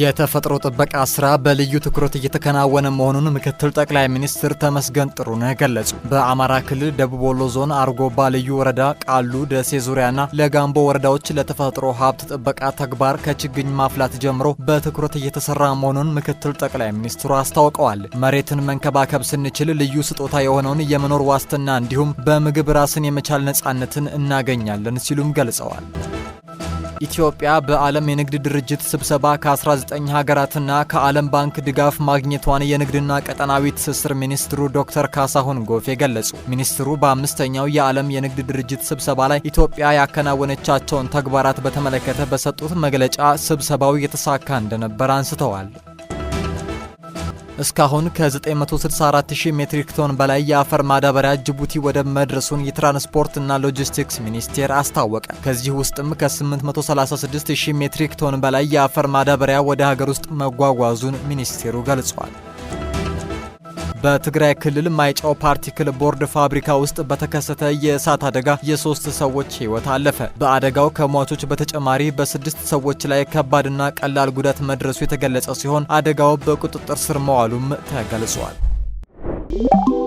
የተፈጥሮ ጥበቃ ስራ በልዩ ትኩረት እየተከናወነ መሆኑን ምክትል ጠቅላይ ሚኒስትር ተመስገን ጥሩነህ ገለጹ። በአማራ ክልል ደቡብ ወሎ ዞን አርጎባ ልዩ ወረዳ ቃሉ፣ ደሴ ዙሪያና ለጋምቦ ወረዳዎች ለተፈጥሮ ሀብት ጥበቃ ተግባር ከችግኝ ማፍላት ጀምሮ በትኩረት እየተሰራ መሆኑን ምክትል ጠቅላይ ሚኒስትሩ አስታውቀዋል። መሬትን መንከባከብ ስንችል ልዩ ስጦታ የሆነውን የመኖር ዋስትና እንዲሁም በምግብ ራስን የመቻል ነፃነትን እናገኛለን ሲሉም ገልጸዋል። ኢትዮጵያ በዓለም የንግድ ድርጅት ስብሰባ ከ19 ሀገራትና ከዓለም ባንክ ድጋፍ ማግኘቷን የንግድና ቀጠናዊ ትስስር ሚኒስትሩ ዶክተር ካሳሁን ጎፌ ገለጹ። ሚኒስትሩ በአምስተኛው የዓለም የንግድ ድርጅት ስብሰባ ላይ ኢትዮጵያ ያከናወነቻቸውን ተግባራት በተመለከተ በሰጡት መግለጫ ስብሰባው የተሳካ እንደነበር አንስተዋል። እስካሁን ከ 964000 ሜትሪክ ቶን በላይ የአፈር ማዳበሪያ ጅቡቲ ወደብ መድረሱን የትራንስፖርትና ሎጂስቲክስ ሚኒስቴር አስታወቀ። ከዚህ ውስጥም ከ836 ሜትሪክ ቶን በላይ የአፈር ማዳበሪያ ወደ ሀገር ውስጥ መጓጓዙን ሚኒስቴሩ ገልጿል። በትግራይ ክልል ማይጨው ፓርቲክል ቦርድ ፋብሪካ ውስጥ በተከሰተ የእሳት አደጋ የሶስት ሰዎች ህይወት አለፈ። በአደጋው ከሟቾች በተጨማሪ በስድስት ሰዎች ላይ ከባድና ቀላል ጉዳት መድረሱ የተገለጸ ሲሆን አደጋው በቁጥጥር ስር መዋሉም ተገልጿል።